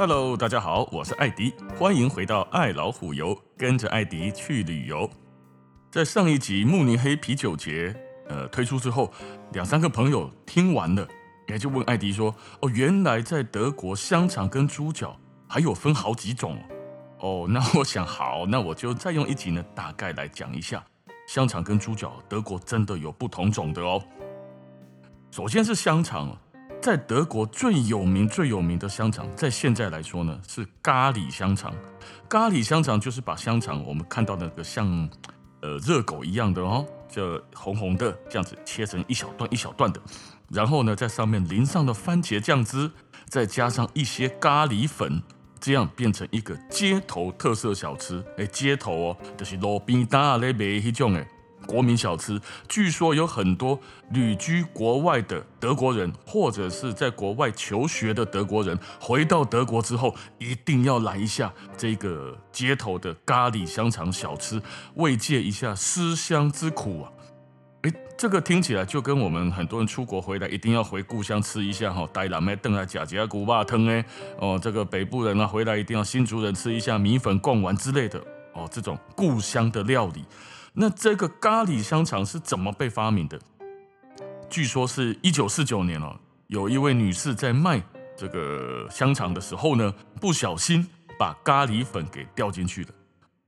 Hello，大家好，我是艾迪，歡迎回到愛老虎遊，跟着艾迪去旅遊。在上一集慕尼黑啤酒節呃推出之後，兩三個朋友聽完了，也就問艾迪說：“哦，原來在德國香腸跟豬腳還有分好幾種哦。”哦，那我想好，那我就再用一集呢，大概來講一下香腸跟豬腳，德國真的有不同種的哦。首先是香腸。在德國最有名、最有名的香腸，在現在來說呢，是咖喱香腸。咖喱香腸就是把香腸，我們看到的那個像，呃，熱狗一樣的哦，就紅紅的，這樣子切成一小段一小段的，然後呢，在上面淋上的番茄醬汁，再加上一些咖喱粉，這樣變成一個街頭特色小吃。哎，街頭哦，就是路邊攤在賣的那種的。國民小吃，據說有很多旅居國外的德國人，或者是在國外求學的德國人，回到德國之後一定要來一下這個街頭的咖喱香腸小吃，慰藉一下思鄉之苦啊！哎，這個聽起來就跟我們很多人出國回來，一定要回故鄉吃一下哈，呆佬咩燉啊，甲吉古巴湯哎，哦，這個北部人啊，回來一定要新竹人吃一下米粉貢丸之類的哦，這種故鄉的料理。那這個咖喱香腸是怎麼被發明的？據說是一九四九年哦，有一位女士在賣這個香腸的時候呢，不小心把咖喱粉給掉進去了，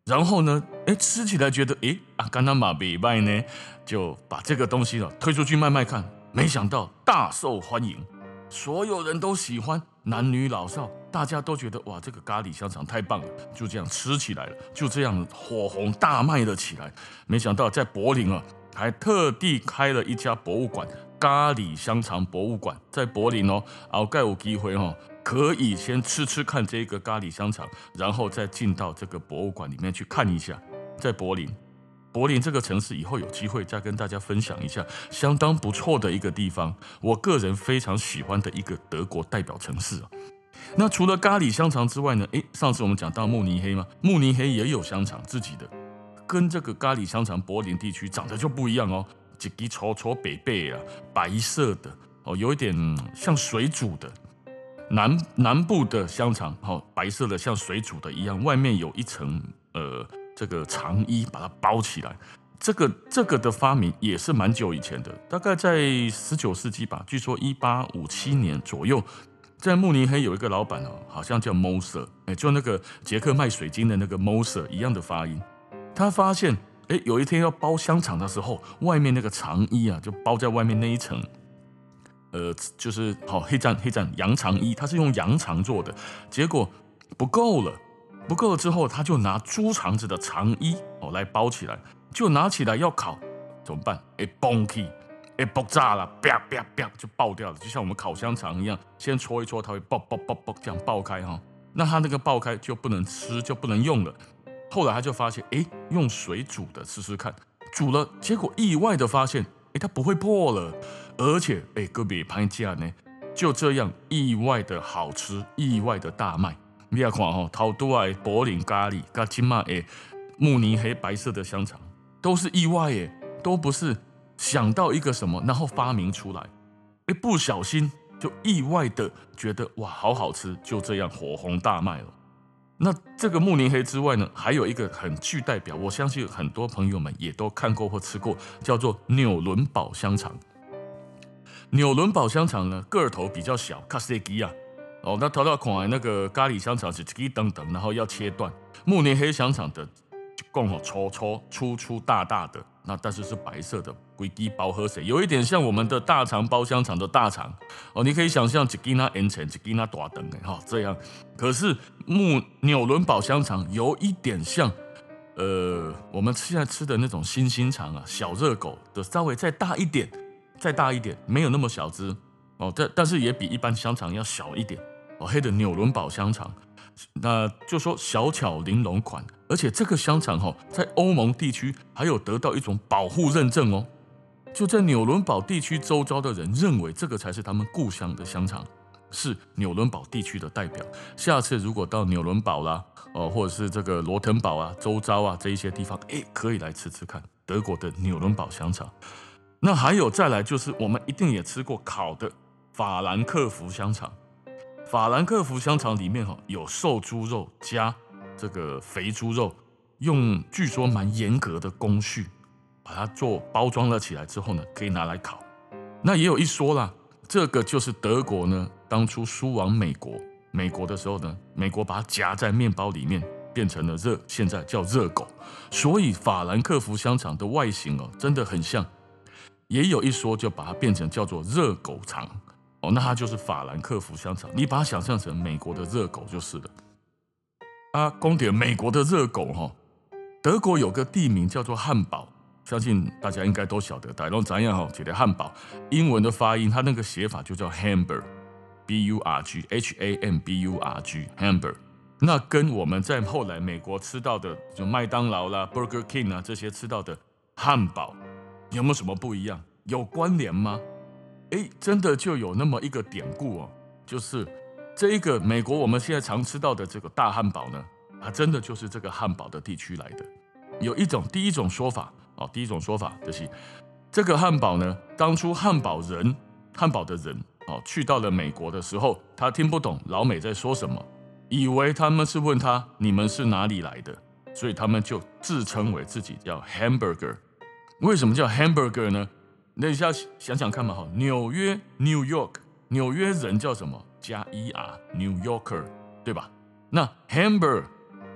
然後呢，哎，吃起來覺得哎啊，甘拿馬美拜呢，就把這個東西了、哦、推出去賣賣看，沒想到大受歡迎，所有人都喜歡，男女老少。大家都覺得哇，這個咖喱香腸太棒了，就這樣吃起來了，就這樣火紅大賣了起來。沒想到在柏林啊，還特地開了一家博物館——咖喱香腸博物館。在柏林哦、啊，好，我有機會哦、啊，可以先吃吃看這個咖喱香腸，然後再進到這個博物館裡面去看一下。在柏林，柏林這個城市以後有機會再跟大家分享一下，相當不錯的一個地方，我個人非常喜歡的一個德國代表城市啊。那除了咖喱香腸之外呢？哎，上次我們講到慕尼黑嘛，慕尼黑也有香腸，自己的，跟這個咖喱香腸柏林地區長得就不一樣哦。這個粗粗、白白的啊，白色的哦，有一點像水煮的。南南部的香腸，哈，白色的像水煮的一樣，外面有一層呃，這個腸衣把它包起來。這個這個的發明也是蠻久以前的，大概在十九世紀吧，據說一八五七年左右。在慕尼黑有一個老闆哦，好像叫 Moser，哎、欸，就那個捷克賣水晶的那個 Moser 一樣的發音。他發現，哎、欸，有一天要包香腸的時候，外面那個腸衣啊，就包在外面那一層，呃，就是好黑蘸黑蘸羊腸衣，它是用羊腸做的，結果不夠了，不夠了之後，他就拿豬腸子的腸衣哦來包起來，就拿起來要烤，怎麼辦？哎、欸，崩起！被爆炸了！啪啪啪，就爆掉了，就像我們烤香腸一樣，先戳一戳，它會爆爆爆爆，這樣爆開哈、哦。那它那個爆開就不能吃，就不能用了。後來他就發現，誒、欸，用水煮的，試試看，煮了，結果意外的發現，誒、欸，它不會破了，而且誒，還特別好吃呢。就這樣，意外的好吃，意外的大賣。你要看哈、哦，頭度愛柏林咖喱，跟今嘛誒，慕尼黑白色的香腸，都是意外誒，都不是。想到一個什麼，然後發明出來，一不小心就意外的覺得哇，好好吃，就這樣火紅大賣了。那這個慕尼黑之外呢，還有一個很具代表，我相信很多朋友們也都看過或吃過，叫做紐倫堡香腸。紐倫堡香腸呢，個頭比較小，卡塞基亞哦，那頭頭看那個咖喱香腸是幾等等，然後要切斷。慕尼黑香腸的，就共好粗粗，粗粗大大的。但是是白色的，規雞包和水有一點像我們的大腸包香腸的大腸哦，你可以想象只給它 encase，只給它短等的哈、哦、這樣。可是慕紐倫堡香腸有一點像，呃，我們現在吃的那種新心，心腸啊，小熱狗的稍微再大一點，再大一點，沒有那麼小隻哦，但但是也比一般香腸要小一點哦，黑的紐倫堡香腸。那就說小巧玲瓏款，而且這個香腸哈、哦，在歐盟地區還有得到一種保護認證哦。就在紐倫堡地區周遭的人認為這個才是他們故鄉的香腸，是紐倫堡地區的代表。下次如果到紐倫堡啦，哦，或者是這個羅滕堡啊，周遭啊這一些地方，誒，可以來吃吃看德國的紐倫堡香腸。那還有再來就是我們一定也吃過烤的法蘭克福香腸。法蘭克福香腸裡面哈，有瘦豬肉加這個肥豬肉，用據說蠻嚴格的工序把它做包裝了起來之後呢，可以拿來烤。那也有一說啦，這個就是德國呢當初輸往美國，美國的時候呢，美國把它夾在麵包裡面變成了熱，現在叫熱狗。所以法蘭克福香腸的外形哦真的很像，也有一說就把它變成叫做熱狗腸。哦，那它就是法蘭克福香腸，你把它想象成美國的熱狗就是了。啊，攻點美國的熱狗哈、哦，德國有個地名叫做漢堡，相信大家應該都曉得。然樣咱要講漢堡英文的發音，它那個寫法就叫 Hamburg，B-U-R-G，H-A-M-B-U-R-G，Hamburg。那跟我們在後來美國吃到的，就麥當勞啦、Burger King 啊，這些吃到的漢堡，有沒有什麼不一樣？有關聯嗎？誒，真的就有那麼一個典故哦，就是這一個美國我們現在常吃到的這個大漢堡呢，它真的就是這個漢堡的地區來的。有一種第一種說法哦，第一種說法就是這個漢堡呢，當初漢堡人、漢堡的人哦，去到了美國的時候，他聽不懂老美在說什麼，以為他們是問他你們是哪裡來的，所以他們就自稱為自己叫 Hamburger。為什麼叫 Hamburger 呢？等一下，想想看嘛，紐約 New York，紐約人叫什麼？加一 r，啊，New Yorker，對吧？那 Hamburg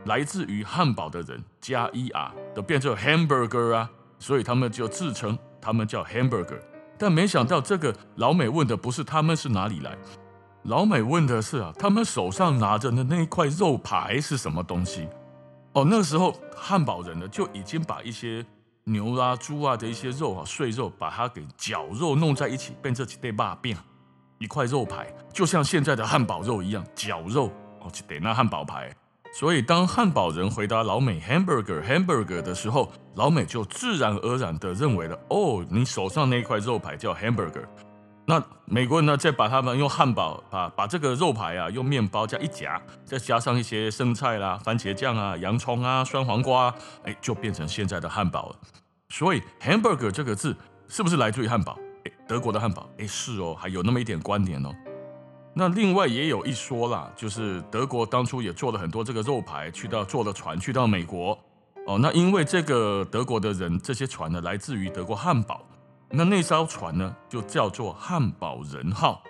來自於漢堡的人，加一 r，啊，都變成 hamburger 啊，所以他們就自稱他們叫 hamburger。但沒想到這個老美問的不是他們是哪裡來，老美問的是啊，他們手上拿着的那塊肉排是什麼東西？哦，那時候漢堡人呢就已經把一些牛啊、豬啊的一些肉啊、碎肉，把它給絞肉弄在一起，變成幾堆把餅，一塊肉排，就像現在的漢堡肉一樣絞肉，哦，就得那漢堡排。所以，當漢堡人回答老美 “hamburger hamburger” 的時候，老美就自然而然地認為了：哦、oh，你手上那塊肉排叫 hamburger。那美國人呢，再把他們用漢堡把、啊、把這個肉排啊，用麵包這樣一夾，再加上一些生菜啦、啊、番茄醬啊、洋蔥啊、酸黃瓜、啊，哎，就變成現在的漢堡了。所以 hamburger 這個字是不是來自於漢堡？哎，德國的漢堡，哎，是哦，還有那麼一點關聯哦。那另外也有一說啦，就是德國當初也做了很多這個肉排，去到坐的船去到美國哦。那因為這個德國的人，這些船呢來自於德國漢堡。那那艘船呢，就叫做漢堡人號，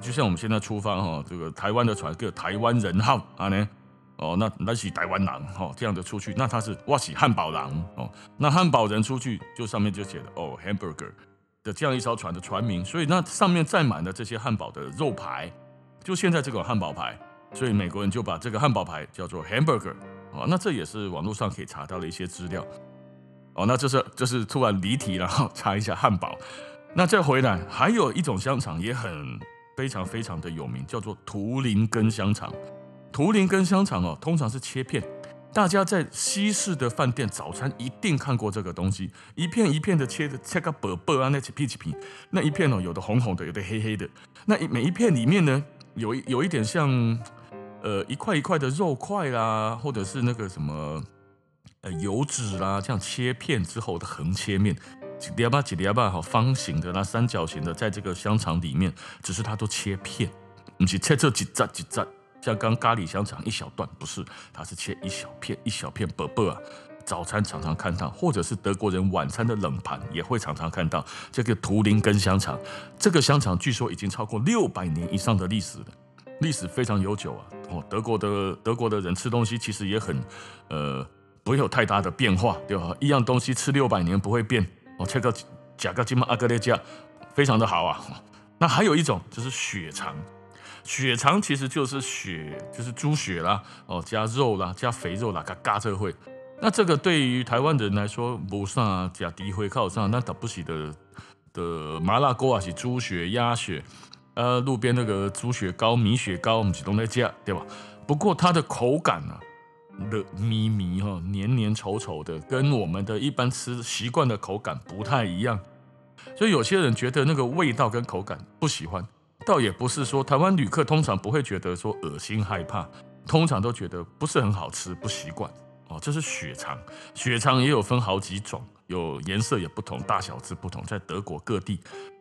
就像我們現在出發哈、哦，這個台灣的船叫台灣人號啊呢，哦，那那是台灣狼哈，這樣的出去，那他是哇是漢堡狼哦，那漢堡人出去就上面就寫的哦，hamburger 的這樣一艘船的船名，所以那上面載滿了這些漢堡的肉排，就現在這款漢堡排，所以美國人就把這個漢堡排叫做 hamburger 哦，那這也是網絡上可以查到的一些資料。哦，那就是就是突然離題，然後查一下漢堡。那再回來，還有一種香腸也很非常非常的有名，叫做圖林根香腸。圖林根香腸哦，通常是切片。大家在西式的飯店早餐一定看過這個東西，一片一片的切的切個薄薄啊，那切片切片，那一片哦，有的紅紅的，有的黑黑的。那一每一片裡面呢，有有一點像，呃，一塊一塊的肉塊啦、啊，或者是那個什麼。油脂啦，啊，這樣切片之後的橫切面，幾呀吧幾呀吧，方形的啦，三角形的，在這個香腸裡面，只是它都切片，不是切這幾炸幾炸像剛，剛咖喱香腸一小段，不是，它是切一小片一小片，薄薄啊，早餐常，常常看到，或者是德國人晚餐的冷盤也會常常看到，這個圖林根香腸，這個香腸據說已經超過六百年以上的歷史了，歷史非常悠久啊，哦，德國的德國的人吃東西其實也很，呃。不會有太大的變化，對吧？一樣東西吃六百年不會變哦。這個加個芝麻阿哥的醬非常的好啊。那還有一種就是血腸，血腸其實就是血，就是豬血啦，哦，加肉啦，加肥肉啦，嘎嘎，這個會。那這個對於台灣人來說不算啊，加低，會靠上。那倒不起的的麻辣鍋啊，是豬血、鴨血，呃，路邊那個豬血糕、米血糕，我們去弄來加，對吧？不過它的口感呢、啊？的米米哈黏黏稠稠的，跟我們的一般吃習慣的口感不太一樣，所以有些人覺得那個味道跟口感不喜歡，倒也不是說台灣旅客通常不會覺得說噁心害怕，通常都覺得不是很好吃，不習慣哦。這是血腸，血腸也有分好幾種，有顏色也不同，大小之不同，在德國各地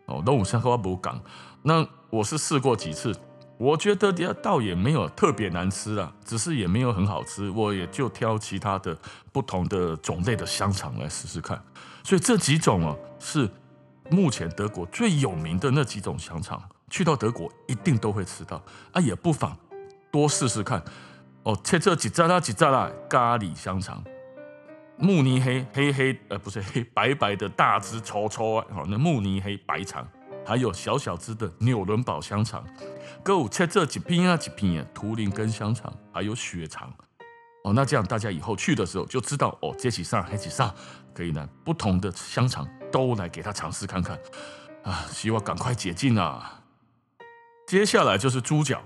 哦都有吃漢堡包。那我是試過幾次。我覺得倒也沒有特別難吃啊，只是也沒有很好吃，我也就挑其他的不同的種類的香腸來試試看。所以這幾種啊是目前德國最有名的那幾種香腸，去到德國一定都會吃到啊，也不妨多試試看。哦，切這幾扎啦幾扎啦，咖喱香腸，慕尼黑黑黑呃不是黑白白的大只醜醜，啊，好，那慕尼黑白腸。還有小小只的紐倫堡香腸，go 切這幾瓶啊幾瓶啊，圖林根香腸，還有血腸，啊，哦，那這樣大家以後去的時候就知道哦，接起上，接起上，可以呢，不同的香腸都來給他嘗試看看，啊，希望趕快解禁啊！接下來就是豬腳，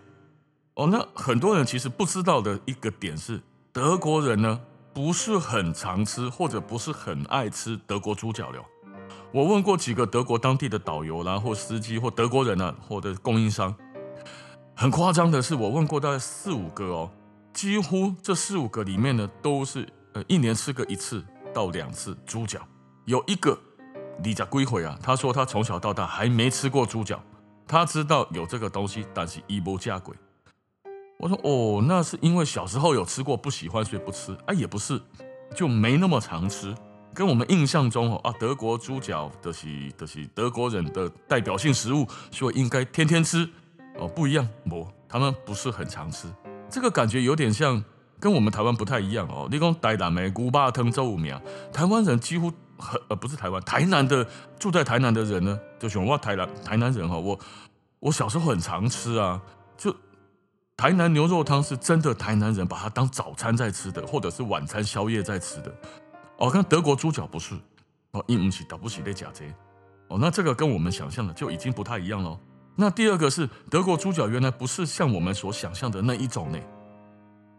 哦，那很多人其實不知道的一個點是，德國人呢不是很常吃或者不是很愛吃德國豬腳了。我問過幾個德國當地的導遊，然後司機或德國人呢、啊，或者供應商，很誇張的是，我問過大概四五個哦，幾乎這四五個裡面呢，都是呃一年吃個一次到兩次豬腳。有一個李家鬼回啊，他說他從小到大還沒吃過豬腳，他知道有這個東西，但是一不價貴。我說哦，那是因為小時候有吃過不喜歡，所以不吃。哎，也不是，就沒那麼常吃。跟我們印象中啊，德國豬腳，就是，都是都是德國人的代表性食物，所以應該天天吃哦。不一樣，不，他們不是很常吃。這個感覺有點像跟我們台灣不太一樣哦。你講台南的骨肉湯，很有名，台灣人幾乎很呃，不是台灣，台南的住在台南的人呢，就喜歡哇，台南台南人哈，哦，我我小時候很常吃啊，就台南牛肉湯是真的台南人把它當早餐在吃的，或者是晚餐宵夜在吃的。哦，那德國豬腳不是哦，因不起，打不起的假肢哦，那這個跟我們想象的就已經不太一樣了。那第二個是德國豬腳，原來不是像我們所想象的那一種呢。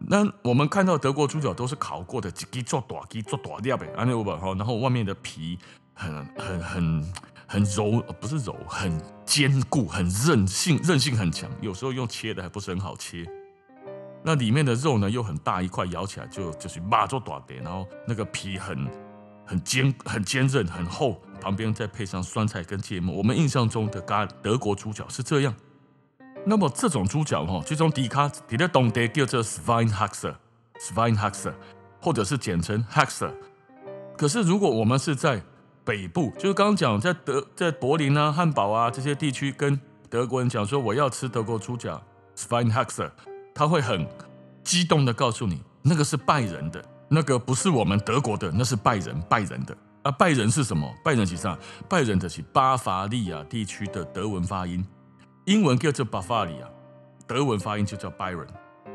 那我們看到德國豬腳都是烤過的一，幾幾做多幾做多料唄，anyway，然後外面的皮很很很很柔，不是柔，很堅固，很韌性，韌性很強。有時候用切的還不是很好切。那裡面的肉呢，又很大一塊，咬起來就就是馬肉大的然後那個皮很很堅很堅韌，很，堅韌很厚，旁邊再配上酸菜跟芥末。我們印象中的的德國豬腳是這樣。那麼這種豬腳哈，其中這種 D 卡，你在懂得叫做 Schweinshaxe，Schweinshaxe，或者是簡稱 Haxe。可是如果我們是在北部，就是剛剛講在德在柏林啊、漢堡啊這些地區，跟德國人講說我要吃德國豬腳 Schweinshaxe。他會很激動的告訴你，那個是拜仁的，那個不是我們德國的，那是拜仁，拜仁的。啊，拜仁是什麼？拜仁是啥？拜仁的是巴伐利亞地區的德文發音，英文叫做 Bavaria，德文發音就叫 Bayern，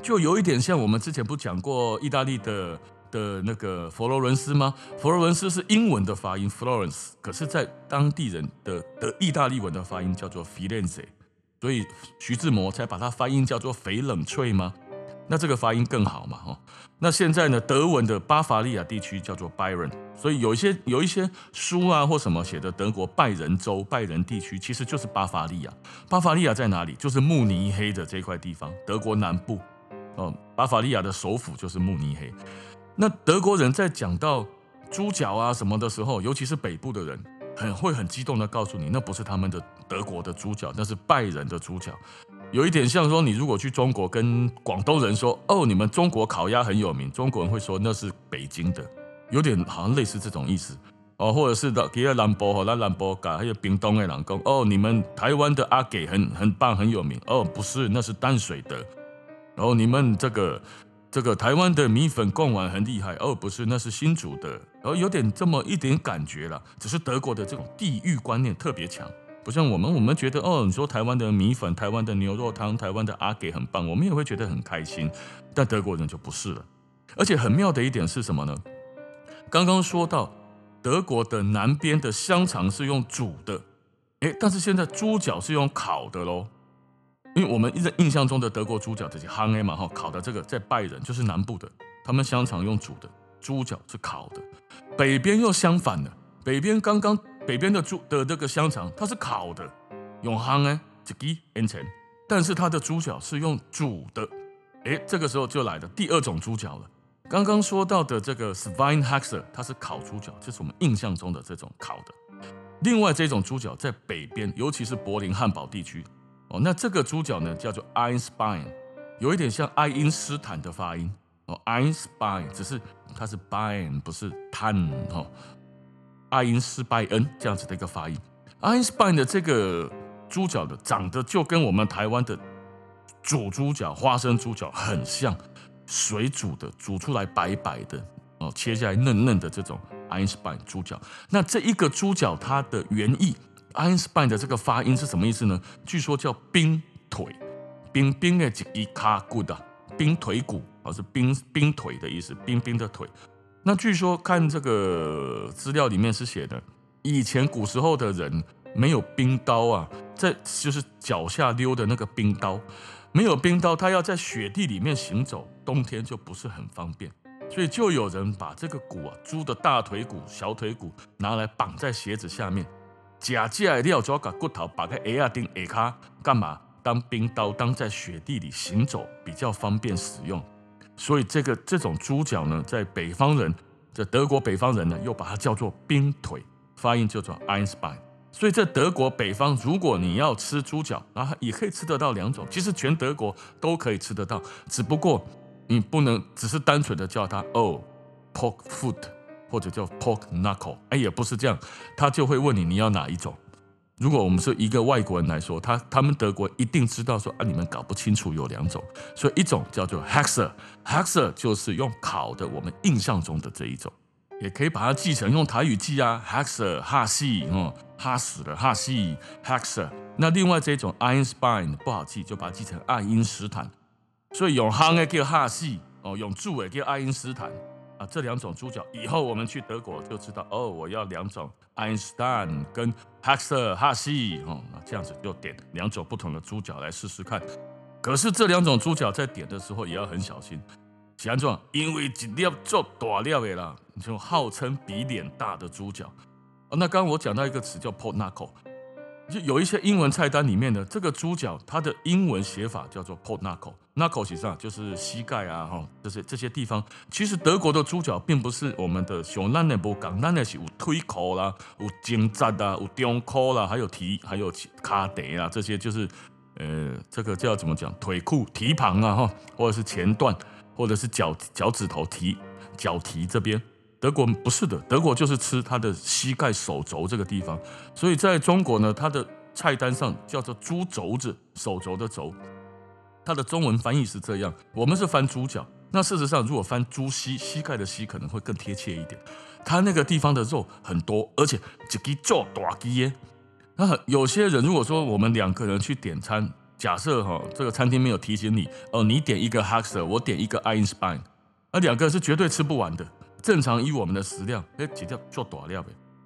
就有一點像我們之前不講過意大利的的那個佛羅倫斯嗎？佛羅倫斯是英文的發音 Florence，可是在當地人的的意大利文的發音叫做 Firenze。所以徐志摩才把它發音叫做“翡冷翠”嗎？那這個發音更好嘛？哈，那現在呢，德文的巴伐利亞地區叫做 Bayern，所以有一些有一些書啊或什麼寫的德國拜仁州、拜仁地區，其實就是巴伐利亞。巴伐利亞在哪裡？就是慕尼黑的這塊地方，德國南部。哦，巴伐利亞的首府就是慕尼黑。那德國人在講到豬腳啊什麼的時候，尤其是北部的人。很會很激動地告訴你，那不是他們的德國的豬腳，那是拜仁的豬腳。有一點像說，你如果去中國跟廣東人說，哦，你們中國烤鴨很有名，中國人會說那是北京的。有點好像類似這種意思。哦，或者是的，吉爾蘭博哈蘭蘭博嘎，還有屏東的老公，哦，你們台灣的阿給很很棒很有名，哦，不是，那是淡水的。然、哦、後你們這個這個台灣的米粉貢丸很厲害，哦，不是，那是新竹的。然後有點這麼一點感覺了，只是德國的這種地域觀念特別強，不像我們，我們覺得哦，你說台灣的米粉、台灣的牛肉湯、台灣的阿給很棒，我們也會覺得很開心，但德國人就不是了。而且很妙的一點是什麼呢？剛剛說到德國的南邊的香腸是用煮的，誒，但是現在豬腳是用烤的嘍，因為我們印印象中的德國豬腳這些哈哎嘛哈烤的，這個在拜仁就是南部的，他們香腸用煮的。豬腳是烤的，北邊又相反了，北邊剛剛北邊的豬的這個香腸它是烤的，用亨 e n t 恩前，但是它的豬腳是用煮的，哎，這個時候就來的第二種豬腳了。剛剛說到的這個 Schweinehaxe 它是烤豬腳，這是我們印象中的這種烤的。另外這種豬腳在北邊，尤其是柏林漢堡地區，哦，那這個豬腳呢叫做 Eisbein 有一點像愛因斯坦的發音。哦，EISBEIN 只是它是 b 拜 n 不是 t a 坦哦。EISBEIN 這樣子的一個發音。EISBEIN 的這個豬腳的長得就跟我們台灣的煮豬腳、花生豬腳很像，水煮的，煮出來白白的哦，切下來嫩嫩的這種 EISBEIN 豬腳。那這一個豬腳它的原意，EISBEIN 的這個發音是什麼意思呢？據說叫冰腿，冰冰的幾一卡骨的冰腿骨。是冰冰腿的意思，冰冰的腿。那據說看這個資料裡面是寫的，以前古時候的人沒有冰刀啊，在就是腳下溜的那個冰刀，沒有冰刀，他要在雪地裡面行走，冬天就不是很方便，所以就有人把這個骨啊，豬的大腿骨、小腿骨拿來綁在鞋子下面，假借料膠嘎骨頭，把個 L 釘 a 卡，幹嘛？當冰刀，當在雪地裡行走比較方便使用。所以這個這種豬腳呢，在北方人，在德國北方人呢，又把它叫做冰腿，發音叫做 e i n s p i n n 所以，在德國北方，如果你要吃豬腳，啊，也可以吃得到兩種，其實全德國都可以吃得到，只不過你不能只是單純的叫它哦，oh，Pork Foot 或者叫 Pork Knuckle，哎也不是這樣，他就會問你你要哪一種。如果我們是一個外國人來說，他他們德國一定知道說啊，你們搞不清楚有兩種，所以一種叫做 HAXE，HAXE HAXE 就是用烤的，我們印象中的這一種，也可以把它記成用台語記啊，HAXE 哈西 -si, 哦，哈死了哈西 HAXE 那另外這一種 EISBEIN 不好記，就把它記成愛因斯坦，所以用夯的叫哈西哦，用煮的叫愛因斯坦。啊，這兩種豬腳以後我們去德國就知道哦。我要兩種，Eisbein 跟 Haxe 哈希哦。那這樣子就點兩種不同的豬腳來試試看。可是這兩種豬腳在點的時候也要很小心，這狀因為你要做大了的啦，就號稱比臉大的豬腳。哦、那剛剛我講到一個詞叫 pork knuckle，就有一些英文菜單裡面的這個豬腳，它的英文寫法叫做 pork knuckle。那口上就是膝蓋啊，哈，這些地方。其實德國的豬腳並不是我們的小嫩嫩不干，嫩嫩有腿口啦，有肩斬啊，有腳口啦，啦，還有蹄，還有卡德啊，這些就是呃，這個叫怎麼講？腿褲蹄膀啊，哈，或者是前段，或者是腳腳趾頭蹄腳蹄這邊。德國不是的，德國就是吃它的膝蓋、手肘這個地方。所以在中國呢，它的菜單上叫做豬肘子，手肘的肘。它的中文翻譯是這樣，我們是翻豬腳，那事實上如果翻豬膝，膝蓋的膝可能會更貼切一點。它那個地方的肉很多，而且一隻蠻大隻的耶。那有些人如果說我們兩個人去點餐，假設哈這個餐廳沒有提醒你，哦，你點一個 Haxe，我點一個 Eisbein，那兩個人是絕對吃不完的。正常以我們的食量，誒，擠掉做大料唄。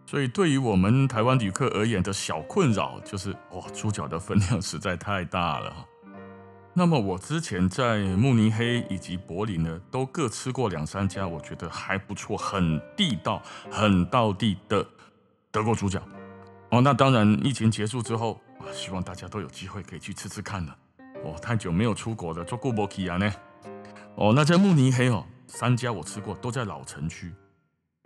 所以對於我們台灣旅客而言的小困擾，就是哇，豬腳的分量實在太大了。那麼我之前在慕尼黑以及柏林呢，都各吃過兩三家，我覺得還不錯，很地道，很道地的德國豬腳。哦，那當然，疫情結束之後，啊，希望大家都有機會可以去吃吃看了。哦，太久沒有出國了，做古博奇啊呢。哦，那在慕尼黑哦，三家我吃過，都在老城區。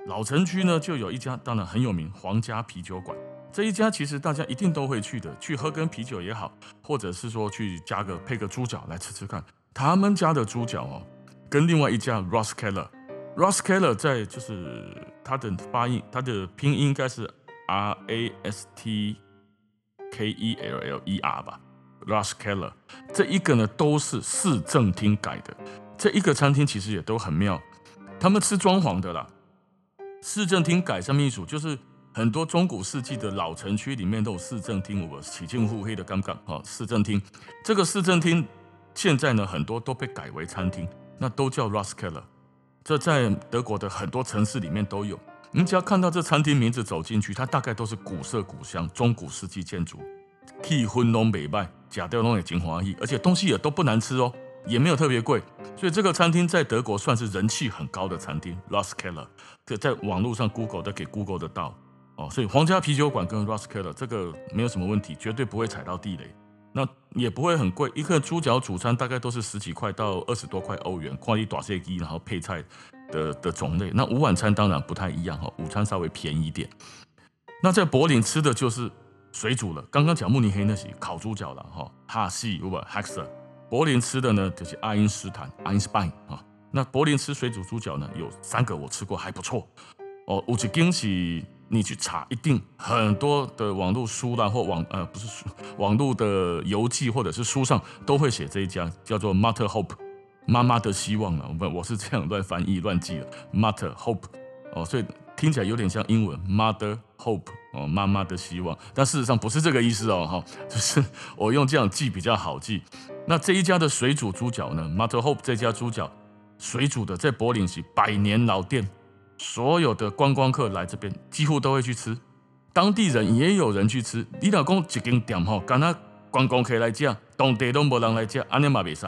老城區呢，就有一家，當然很有名，皇家啤酒館。這一家其實大家一定都會去的，去喝根啤酒也好，或者是說去加個配個豬腳來吃吃看。他們家的豬腳哦，跟另外一家 Ratskeller，Ratskeller 在就是它的發音，它的拼音應該是 R A T S K E L L E R 吧，Ratskeller。這一個呢都是市政廳改的，這一個餐廳其實也都很妙，他們吃裝潢的啦，市政廳改成一組就是。很多中古世紀的老城區裡面都有市政廳，我起進慕黑的剛剛、哦、市政廳。這個市政廳現在呢，很多都被改為餐廳，那都叫 r o s c e l l a 這在德國的很多城市裡面都有。你只要看到這餐廳名字走進去，它大概都是古色古香中古世紀建築，器婚濃美味，假掉弄也精華意，而且東西也都不難吃哦，也沒有特別貴。所以這個餐廳在德國算是人氣很高的餐廳 r o s c e l l a 可在網絡上 Google 的，給 Google 得到。哦，所以皇家啤酒館跟 Ratskeller 這個沒有什麼問題，絕對不會踩到地雷，那也不會很貴，一個豬腳主餐大概都是十幾塊到二十多塊歐元，看你大小隻，然後配菜的的種類。那午晚餐當然不太一樣哈，午餐稍微便宜一點。那在柏林吃的就是水煮了，剛剛講慕尼黑那是烤豬腳了哈，Haxi 不，Haxe。柏林吃的呢就是愛因斯坦，Eisbein 啊。那柏林吃水煮豬腳呢有三個我吃過還不錯，哦，有一間是。你去查，一定很多的網絡書啦，或網呃不是書，網絡的遊記或者是書上都會寫這一家叫做 Mutter Hoppe，媽媽的希望了。我我是這樣亂翻譯亂記的 Mutter Hoppe 哦，所以聽起來有點像英文 Mother Hope 哦，媽媽的希望，但事實上不是這個意思哦。哈、哦，就是我用這樣記比較好記。那這一家的水煮豬腳呢，Mutter Hoppe 這家豬腳水煮的，在柏林是百年老店。所有的觀光客來這邊，幾乎都會去吃。當地人也有人去吃。你老公一間店吼？講他觀光客來吃，當地都無人來吃，安尼嘛袂使，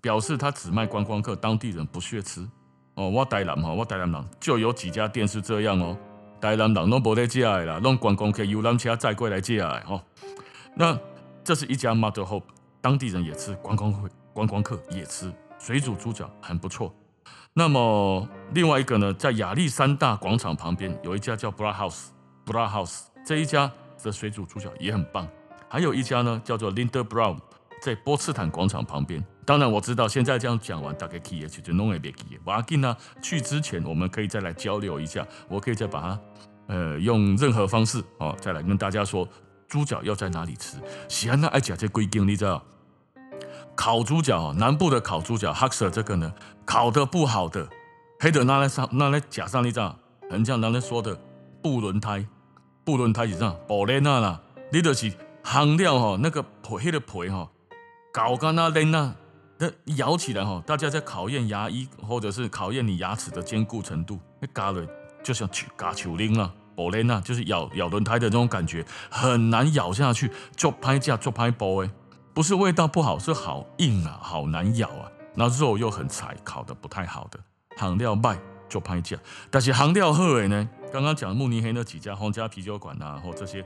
表示他只賣觀光客，當地人不屑吃。哦，我台南哈，我台南人就有幾家店是這樣哦。台南人攏無來的啦，攏觀光客、遊覽車載過來的。哦，那這是一家 MUTTER HOPPE，當地人也吃，觀光客觀光客也吃，水煮豬腳很不錯。那麼另外一個呢，在亞歷山大廣場旁邊有一家叫 Brauhaus，Brauhaus 這一家的水煮豬腳也很棒。還有一家呢，叫做 Linda Brown，在波茨坦廣場旁邊。當然，我知道現在這樣講完，大概可以也就弄也別記。瓦吉呢，去之前我們可以再來交流一下，我可以再把它呃用任何方式哦再來跟大家說豬腳要在哪裡吃。喜安呢愛講這規定，你知道？烤豬腳，南部的烤豬腳 Haxe 這個呢？考的不好的，黑的拿來上拿來夾上一張，很像咱們說的布輪胎，布輪胎一張，寶萊啊啦，你的是含掉哈那個黑的皮哈、那個，咬起來哈，大家在考驗牙醫或者是考驗你牙齒的堅固程度，那嘎了就像去嘎球鈴了，寶萊啊，就是咬咬輪胎的那種感覺，很難咬下去，做拍架做拍波哎，不是味道不好，是好硬啊，好難咬啊。那肉又很柴，烤得不太好的，行料賣就拍價。但是行料好的呢？剛剛講的慕尼黑那幾家皇家啤酒館啊，或這些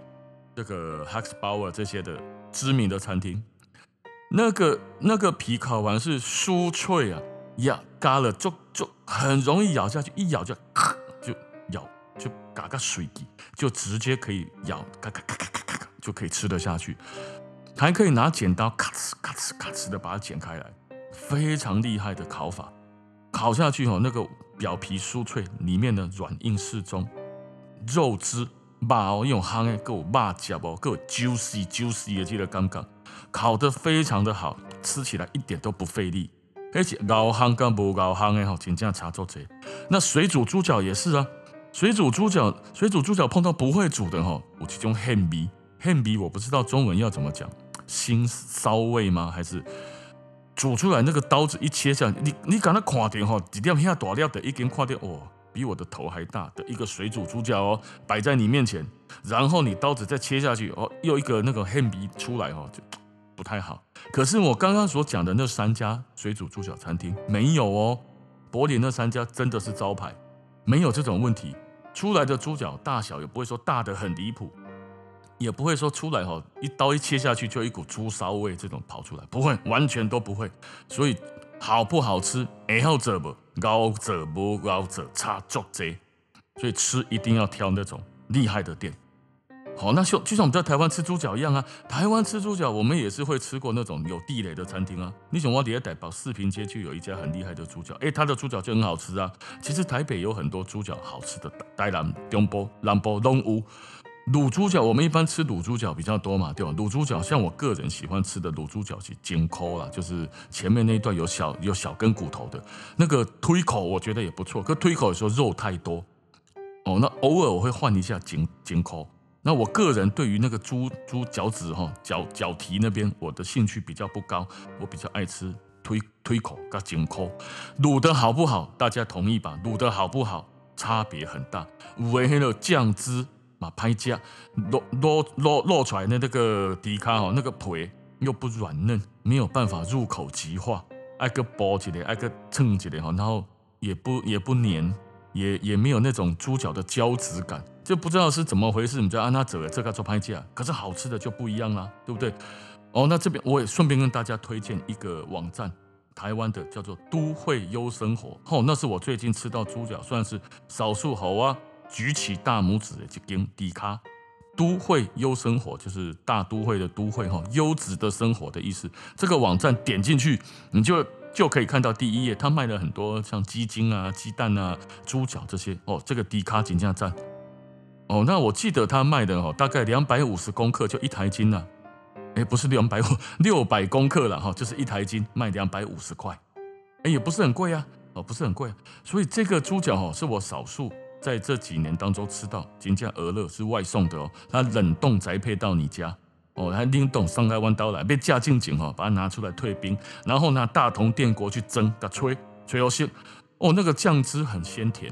這個 Haxbauer 這些的知名的餐廳，那個那個皮烤完是酥脆啊，咬嘎了就就很容易咬下去，一咬就咔就咬就嘎嘎水滴，就直接可以咬嘎嘎嘎嘎嘎嘎就可以吃得下去，還可以拿剪刀咔哧咔哧咔哧的把它剪開來。非常厲害的烤法，烤下去，哦、那個表皮酥脆，裡面的軟硬適中肉，肉汁飽滿，湯哎夠馬甲包夠 juicy juicy 的，記得剛剛烤得非常的好，吃起來一點都不費力烤烤不烤烤，而且老湯跟無老湯哎吼，盡量查做這。那水煮豬腳也是啊，水煮豬腳，水煮豬腳碰到不會煮的吼、哦，有幾種黑皮，黑皮我不知道中文要怎麼講，腥臊味嗎？還是？煮出來那個刀子，一切下，你你敢那跨掉哈？這樣下大掉的，一根垮掉哦，比我的頭還大的一個水煮豬腳哦，擺在你面前，然後你刀子再切下去哦，又一個那個黑皮出來哦，就不太好。可是我剛剛所講的那三家水煮豬腳餐廳沒有哦，柏林那三家真的是招牌，沒有這種問題，出來的豬腳大小也不會說大得很離譜。也不會說出來哈，一刀一切下去就一股豬騷味這種跑出來，不會，完全都不會。所以好不好吃，好者不，高者不，高者差就賊。所以吃一定要挑那種厲害的店。好，哦，那像就，就像我們在台灣吃豬腳一樣啊，台灣吃豬腳我們也是會吃過那種有地雷的餐廳啊。你想我底下代表四平街就有一家很厲害的豬腳，哎，他的豬腳就很好吃啊。其實台北有很多豬腳好吃的，台南、中波、南波攏有。滷豬腳，我們一般吃滷豬腳比較多嘛，對吧？滷豬腳，像我個人喜歡吃的滷豬腳是頸扣啦，就是前面那一段有小有小根骨頭的那個推口，我覺得也不錯。可推口的時候肉太多，哦，那偶爾我會換一下頸頸口。那我個人對於那個豬豬腳趾哈腳腳蹄那邊，我的興趣比較不高，我比較愛吃推推口跟頸扣。滷的好不好？大家同意吧？滷的好不好差別很大，唯一的醬汁。啊，拍架落落落落出來的那個底卡吼，那個腿又不軟嫩，沒有辦法入口即化，挨個包起來，挨個蹭起來，哈，然後也不也不粘，也也沒有那種豬腳的膠質感，就不知道是怎麼回事。你就安、啊、那折，這個做拍架，可是好吃的就不一樣了，對不對？哦，那這邊我也順便跟大家推薦一個網站，台灣的叫做“都會優生活”，哦，那是我最近吃到豬腳算是少數好啊。舉起大拇指的就跟低卡都會優生活，就是大都會的都會哈、哦，優質的生活的意思。這個網站點進去，你就就可以看到第一頁，他賣了很多像雞精啊、雞蛋啊、豬腳這些哦。這個低卡評價站哦，那我記得他賣的哦，大概兩百五十公克就一台斤呢，哎，不是兩百五，六百公克了哈、哦，就是一台斤賣兩百五十塊誒，也不是很貴啊，哦，不是很貴，啊，所以這個豬腳哦，是我少數。在這幾年當中吃到金醬鵝肉是外送的哦，它冷凍栽培到你家哦，它拎凍上台灣刀來，被架進井哦，把它拿出來退冰，然後拿大同電鍋去蒸，它吹，吹又鮮哦，那個醬汁很鮮甜，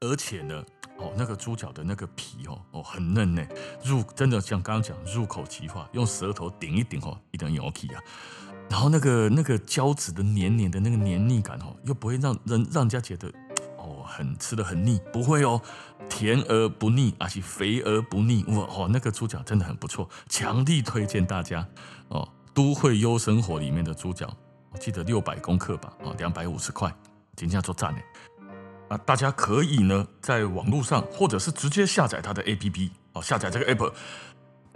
而且呢哦，那個豬腳的那個皮哦哦很嫩呢，入真的像剛剛講入口即化，用舌頭頂一頂哦，一點咬皮啊，然後那個那個膠質的黏黏的那個黏膩感哦，又不會讓人讓人家覺得。哦，很吃的很膩，不會哦，甜而不膩，而且肥而不膩。哇哦，那個豬腳真的很不錯，強力推薦大家哦。都會優生活裡面的豬腳，我記得六百公克吧，哦，兩百五十塊，真是很讚耶。啊，大家可以呢在網絡上，或者是直接下載它的 APP 哦，下載這個 APP，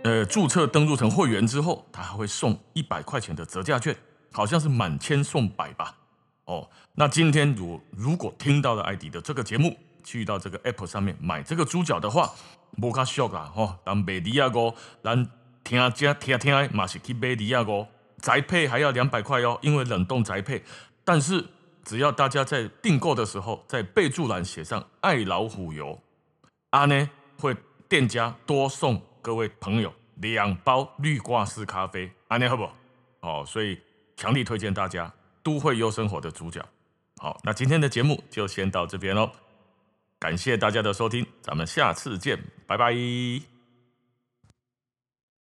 呃，註冊登錄成會員之後，它還會送一百塊錢的折價券，好像是滿千送百吧。哦，那今天如如果聽到了艾迪的這個節目，去到這個 APP 上面買這個豬腳的話，摩卡秀啊，哦，咱買利亞哥，咱聽下，聽阿姐聽聽，嘛是去美利亞哥，宅配還要兩百塊哦，因為冷凍宅配，但是只要大家在訂購的時候，在備注欄寫上“艾老虎遊”，阿呢會店家多送各位朋友兩包濾掛式咖啡，阿呢好不好？哦，所以強力推薦大家。都會優生活的主角，好，那今天的節目就先到這邊嘍，感謝大家的收聽，咱們下次見，拜拜。